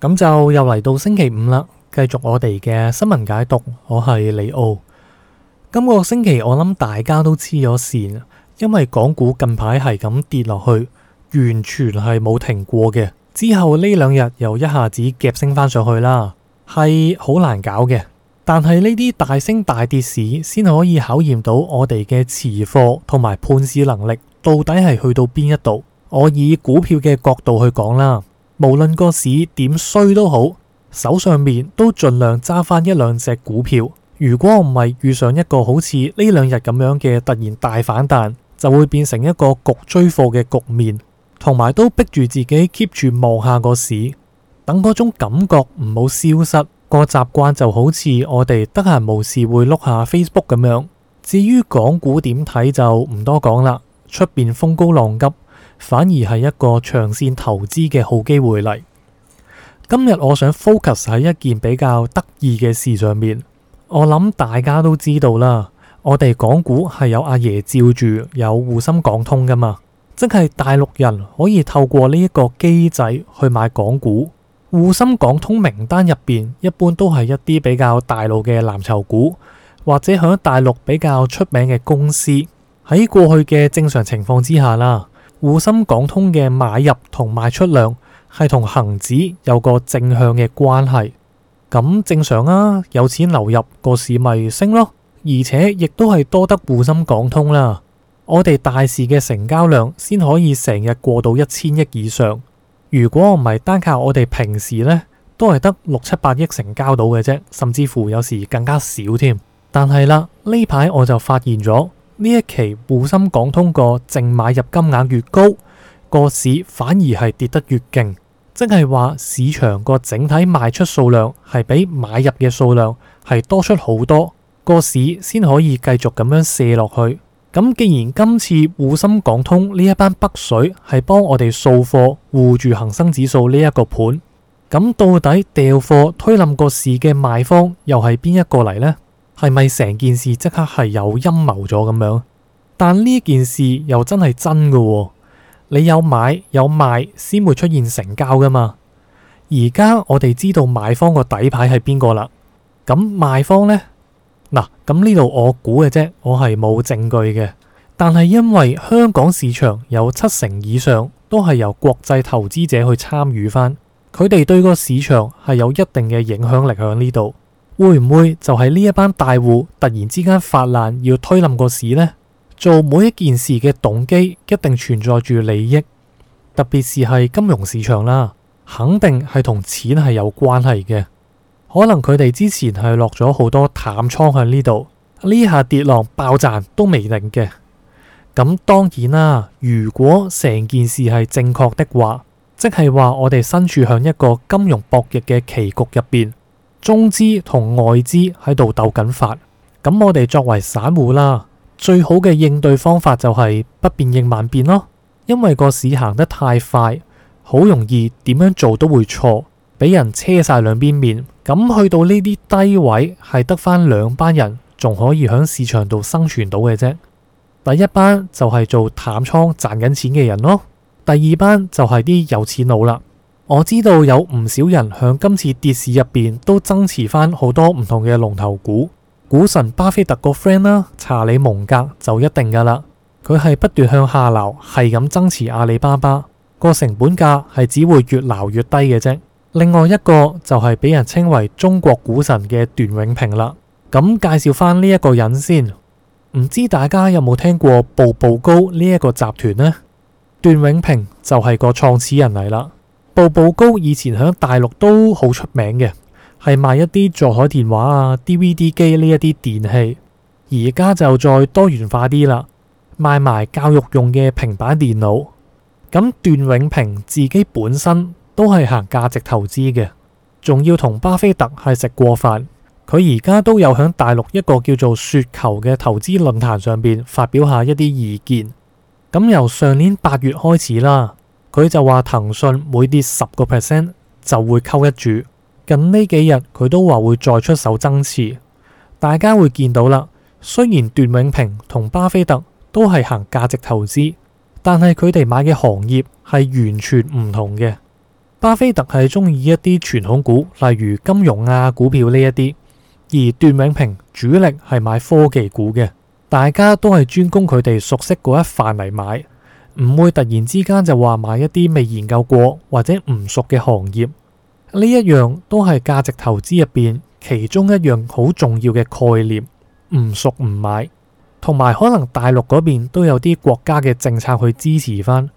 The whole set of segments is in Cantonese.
咁就又嚟到星期五啦，繼續我哋嘅新聞解讀。我係李奧。今個星期我諗大家都黐咗線，因為港股近排係咁跌落去，完全係冇停過嘅。之後呢兩日又一下子夾升翻上去啦，係好難搞嘅。但係呢啲大升大跌市，先可以考驗到我哋嘅持貨同埋判市能力到底係去到邊一度。我以股票嘅角度去講啦。無論個市點衰都好，手上面都盡量揸翻一兩隻股票。如果唔係遇上一個好似呢兩日咁樣嘅突然大反彈，就會變成一個局追貨嘅局面，同埋都逼住自己 keep 住望下個市，等嗰種感覺唔好消失。個習慣就好似我哋得閒無事會碌下 Facebook 咁樣。至於港股點睇就唔多講啦，出邊風高浪急。反而係一個長線投資嘅好機會嚟。今日我想 focus 喺一件比較得意嘅事上面。我諗大家都知道啦，我哋港股係有阿爺照住，有滬深港通噶嘛，即係大陸人可以透過呢一個機制去買港股。滬深港通名單入邊一般都係一啲比較大路嘅藍籌股，或者響大陸比較出名嘅公司。喺過去嘅正常情況之下啦。滬深港通嘅買入同賣出量係同恒指有個正向嘅關係，咁正常啊，有錢流入個市咪升咯，而且亦都係多得滬深港通啦。我哋大市嘅成交量先可以成日過到一千億以上，如果唔係單靠我哋平時呢都係得六七百億成交到嘅啫，甚至乎有時更加少添。但係啦，呢排我就發現咗。呢一期滬深港通個淨買入金額越高，個市反而係跌得越勁，即係話市場個整體賣出數量係比買入嘅數量係多出好多，個市先可以繼續咁樣卸落去。咁既然今次滬深港通呢一班北水係幫我哋掃貨護住恒生指數呢一個盤，咁到底掉貨推冧個市嘅賣方又係邊一個嚟呢？係咪成件事即刻係有陰謀咗咁樣？但呢件事又真係真噶、哦，你有買有賣先會出現成交噶嘛？而家我哋知道買方個底牌係邊個啦，咁、嗯、賣方呢？嗱，咁呢度我估嘅啫，我係冇證據嘅。但係因為香港市場有七成以上都係由國際投資者去參與翻，佢哋對個市場係有一定嘅影響力響呢度。會唔會就係呢一班大戶突然之間發難要推冧個市呢？做每一件事嘅動機一定存在住利益，特別是係金融市場啦，肯定係同錢係有關係嘅。可能佢哋之前係落咗好多淡倉喺呢度，呢下跌浪爆賺都未定嘅。咁當然啦，如果成件事係正確的話，即係話我哋身處向一個金融博弈嘅棋局入邊。中資同外資喺度鬥緊法，咁我哋作為散戶啦，最好嘅應對方法就係不變應萬變咯。因為個市行得太快，好容易點樣做都會錯，俾人車晒兩邊面。咁去到呢啲低位，係得返兩班人，仲可以喺市場度生存到嘅啫。第一班就係做淡倉賺緊錢嘅人咯，第二班就係啲有錢佬啦。我知道有唔少人響今次跌市入邊都增持翻，好多唔同嘅龍頭股。股神巴菲特個 friend 啦，查理蒙格就一定㗎啦。佢係不斷向下流，係咁增持阿里巴巴，個成本價係只會越撈越低嘅啫。另外一個就係俾人稱為中國股神嘅段永平啦。咁、嗯、介紹翻呢一個人先，唔知大家有冇聽過步步高呢一、這個集團呢？段永平就係個創始人嚟啦。步步高以前響大陸都好出名嘅，係賣一啲座台電話啊、DVD 機呢一啲電器。而家就再多元化啲啦，賣埋教育用嘅平板電腦。咁段永平自己本身都係行價值投資嘅，仲要同巴菲特係食過飯。佢而家都有響大陸一個叫做雪球嘅投資論壇上邊發表一下一啲意見。咁由上年八月開始啦。佢就話騰訊每跌十個 percent 就會溝一注，近呢幾日佢都話會再出手增持。大家會見到啦，雖然段永平同巴菲特都係行價值投資，但係佢哋買嘅行業係完全唔同嘅。巴菲特係中意一啲傳統股，例如金融啊、股票呢一啲，而段永平主力係買科技股嘅。大家都係專攻佢哋熟悉嗰一範嚟買。唔會突然之間就話買一啲未研究過或者唔熟嘅行業，呢一樣都係價值投資入邊其中一樣好重要嘅概念。唔熟唔買，同埋可能大陸嗰邊都有啲國家嘅政策去支持翻。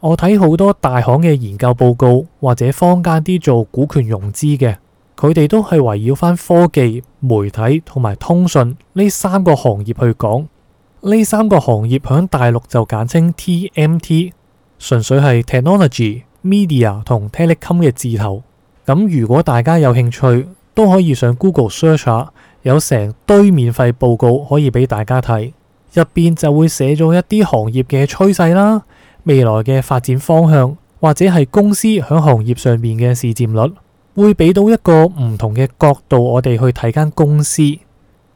我睇好多大行嘅研究報告或者坊間啲做股權融資嘅，佢哋都係圍繞翻科技、媒體同埋通訊呢三個行業去講。呢三個行業喺大陸就簡稱 TMT，純粹係 technology、media 同 telecom 嘅字頭。咁如果大家有興趣，都可以上 Google search，有成堆免費報告可以俾大家睇，入邊就會寫咗一啲行業嘅趨勢啦，未來嘅發展方向，或者係公司喺行業上面嘅市佔率，會俾到一個唔同嘅角度，我哋去睇間公司。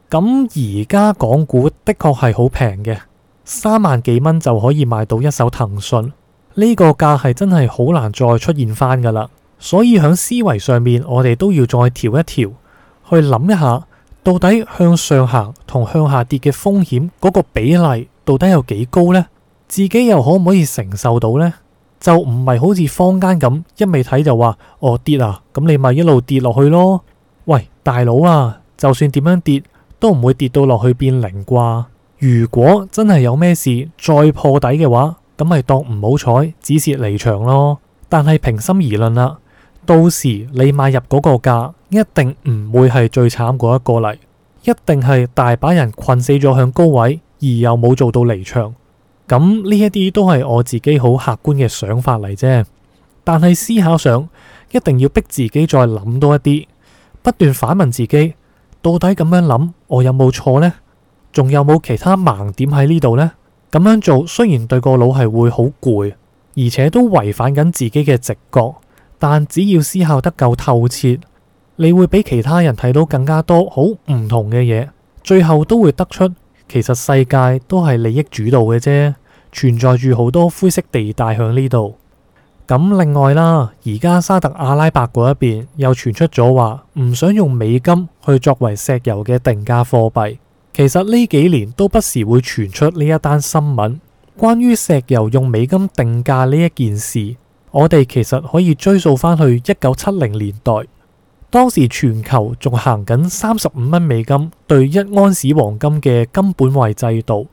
咁而家港股的確係好平嘅，三萬幾蚊就可以買到一手騰訊。呢個價係真係好難再出現翻噶啦，所以響思維上面我哋都要再調一調，去諗一下到底向上行同向下跌嘅風險嗰個比例到底有幾高呢？自己又可唔可以承受到呢？就唔係好似坊間咁一味睇就話哦跌啊，咁你咪一路跌落去咯。喂大佬啊，就算點樣跌。都唔會跌到落去變零啩。如果真係有咩事再破底嘅話，咁咪當唔好彩，止蝕離場咯。但係平心而論啦，啊，到時你買入嗰個價一定唔會係最慘嗰一個嚟，一定係大把人困死咗向高位，而又冇做到離場。咁呢一啲都係我自己好客觀嘅想法嚟啫。但係思考上，一定要逼自己再諗多一啲，不斷反問自己。到底咁樣諗，我有冇錯呢？仲有冇其他盲點喺呢度呢？咁樣做雖然對個腦係會好攰，而且都違反緊自己嘅直覺。但只要思考得夠透徹，你會比其他人睇到更加多好唔同嘅嘢。最後都會得出其實世界都係利益主導嘅啫，存在住好多灰色地帶喺呢度。咁另外啦，而家沙特阿拉伯嗰一邊又傳出咗話唔想用美金去作為石油嘅定價貨幣。其實呢幾年都不時會傳出呢一單新聞，關於石油用美金定價呢一件事，我哋其實可以追溯翻去一九七零年代，當時全球仲行緊三十五蚊美金對一安士黃金嘅金本位制度，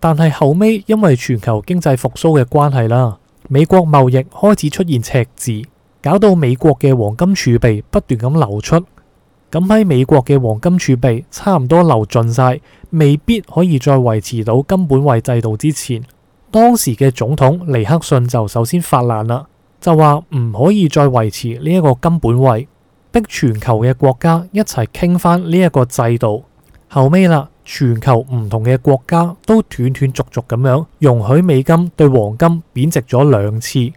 但係後尾因為全球經濟復甦嘅關係啦。美國貿易開始出現赤字，搞到美國嘅黃金儲備不斷咁流出。咁喺美國嘅黃金儲備差唔多流盡晒，未必可以再維持到金本位制度之前，當時嘅總統尼克遜就首先發難啦，就話唔可以再維持呢一個金本位，逼全球嘅國家一齊傾翻呢一個制度。後尾啦。全球唔同嘅國家都斷斷續續咁樣容許美金對黃金貶值咗兩次，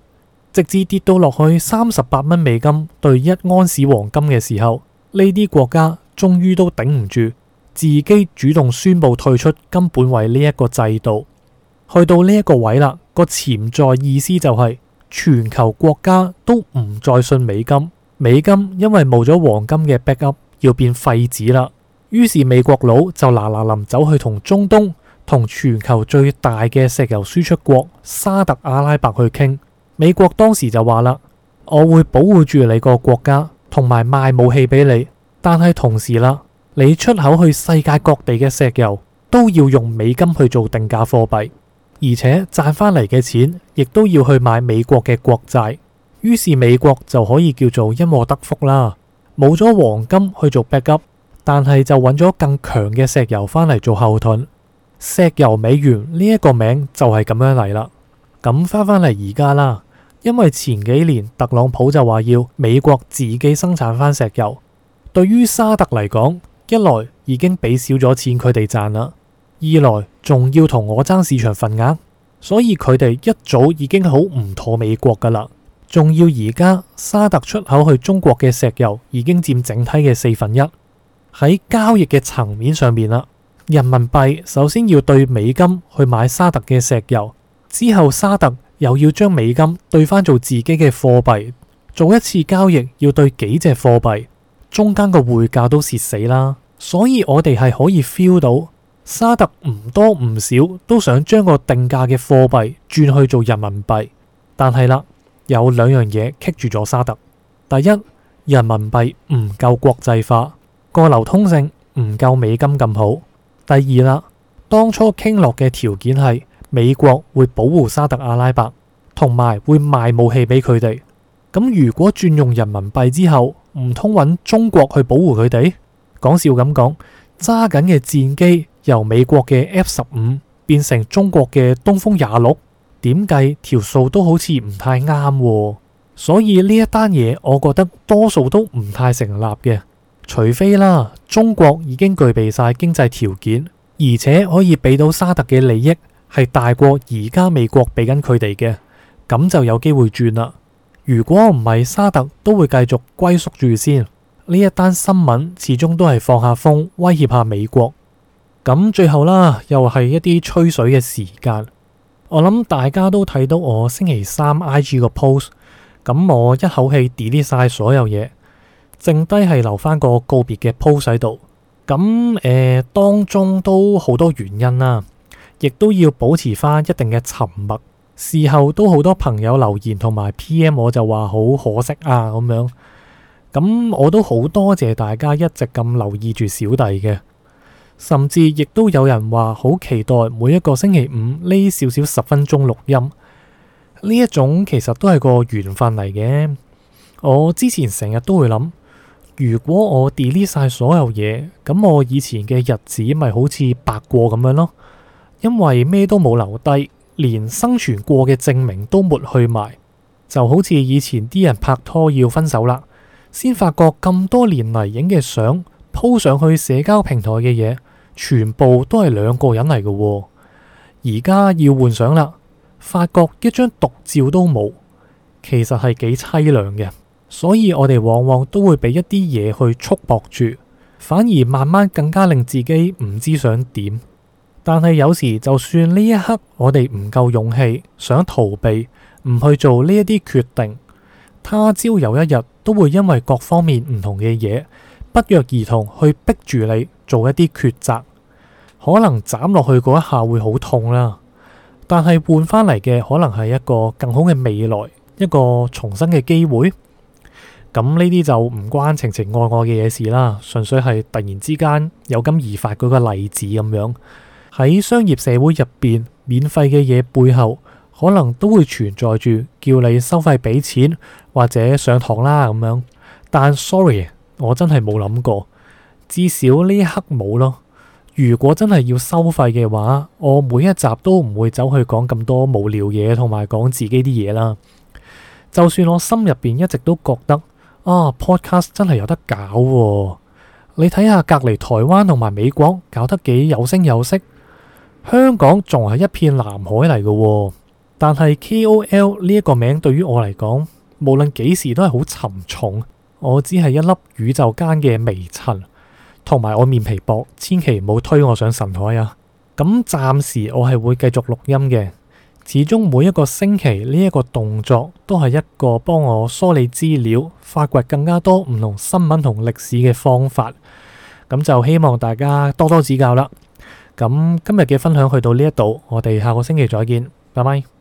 直至跌到落去三十八蚊美金兌一安士黃金嘅時候，呢啲國家終於都頂唔住，自己主動宣布退出，根本為呢一個制度去到呢一個位啦。個潛在意思就係全球國家都唔再信美金，美金因為冇咗黃金嘅 backup，要變廢紙啦。於是美國佬就嗱嗱臨走去同中東同全球最大嘅石油輸出國沙特阿拉伯去傾。美國當時就話啦，我會保護住你個國家，同埋賣武器俾你。但係同時啦，你出口去世界各地嘅石油都要用美金去做定價貨幣，而且賺翻嚟嘅錢亦都要去買美國嘅國債。於是美國就可以叫做因禍得福啦，冇咗黃金去做 back up。但係就揾咗更強嘅石油返嚟做後盾，石油美元呢一個名就係咁樣嚟啦。咁返返嚟而家啦，因為前幾年特朗普就話要美國自己生產返石油，對於沙特嚟講，一來已經俾少咗錢佢哋賺啦，二來仲要同我爭市場份額，所以佢哋一早已經好唔妥美國噶啦，仲要而家沙特出口去中國嘅石油已經佔整體嘅四分一。喺交易嘅層面上面啦，人民幣首先要對美金去買沙特嘅石油，之後沙特又要將美金兌翻做自己嘅貨幣，做一次交易要對幾隻貨幣，中間個匯價都蝕死啦。所以我哋係可以 feel 到沙特唔多唔少都想將個定價嘅貨幣轉去做人民幣，但係啦，有兩樣嘢棘住咗沙特。第一，人民幣唔夠國際化。個流通性唔夠美金咁好。第二啦，當初傾落嘅條件係美國會保護沙特阿拉伯，同埋會賣武器俾佢哋。咁如果轉用人民幣之後，唔通揾中國去保護佢哋？講笑咁講，揸緊嘅戰機由美國嘅 F 十五變成中國嘅東風廿六，點計條數都好似唔太啱。所以呢一單嘢，我覺得多數都唔太成立嘅。除非啦，中國已經具備晒經濟條件，而且可以俾到沙特嘅利益係大過而家美國俾緊佢哋嘅，咁就有機會轉啦。如果唔係，沙特都會繼續龜縮住先。呢一單新聞始終都係放下風，威脅下美國。咁最後啦，又係一啲吹水嘅時間。我諗大家都睇到我星期三 IG 個 post，咁我一口氣 delete 晒所有嘢。剩低係留翻個告別嘅 post 喺度咁，誒、呃、當中都好多原因啦，啊，亦都要保持翻一定嘅沉默。事後都好多朋友留言同埋 PM，我就話好可惜啊，咁樣。咁我都好多謝大家一直咁留意住小弟嘅，甚至亦都有人話好期待每一個星期五呢少少十分鐘錄音，呢一種其實都係個緣分嚟嘅。我之前成日都會諗。如果我 delete 晒所有嘢，咁我以前嘅日子咪好似白過咁樣咯？因為咩都冇留低，連生存過嘅證明都冇去埋，就好似以前啲人拍拖要分手啦，先發覺咁多年嚟影嘅相鋪上去社交平台嘅嘢，全部都係兩個人嚟嘅喎。而家要換相啦，發覺一張獨照都冇，其實係幾凄涼嘅。所以我哋往往都會俾一啲嘢去束縛住，反而慢慢更加令自己唔知想點。但係有時就算呢一刻我哋唔夠勇氣，想逃避，唔去做呢一啲決定，他朝有一日都會因為各方面唔同嘅嘢不約而同去逼住你做一啲抉擇。可能斬落去嗰一下會好痛啦，但係換翻嚟嘅可能係一個更好嘅未來，一個重生嘅機會。咁呢啲就唔關情情愛愛嘅嘢事啦，純粹係突然之間有感而發嗰個例子咁樣。喺商業社會入邊，免費嘅嘢背後，可能都會存在住叫你收費俾錢或者上堂啦咁樣。但 sorry，我真係冇諗過，至少呢一刻冇咯。如果真係要收費嘅話，我每一集都唔會走去講咁多無聊嘢，同埋講自己啲嘢啦。就算我心入邊一直都覺得，啊，podcast 真係有得搞喎，你睇下隔籬台灣同埋美國搞得幾有聲有色，香港仲係一片藍海嚟噶喎。但係 KOL 呢一個名對於我嚟講，無論幾時都係好沉重。我只係一粒宇宙間嘅微塵，同埋我面皮薄，千祈唔好推我上神台啊。咁暫時我係會繼續錄音嘅。始終每一個星期呢一個動作都係一個幫我梳理資料、發掘更加多唔同新聞同歷史嘅方法。咁就希望大家多多指教啦。咁今日嘅分享去到呢一度，我哋下個星期再見，拜拜。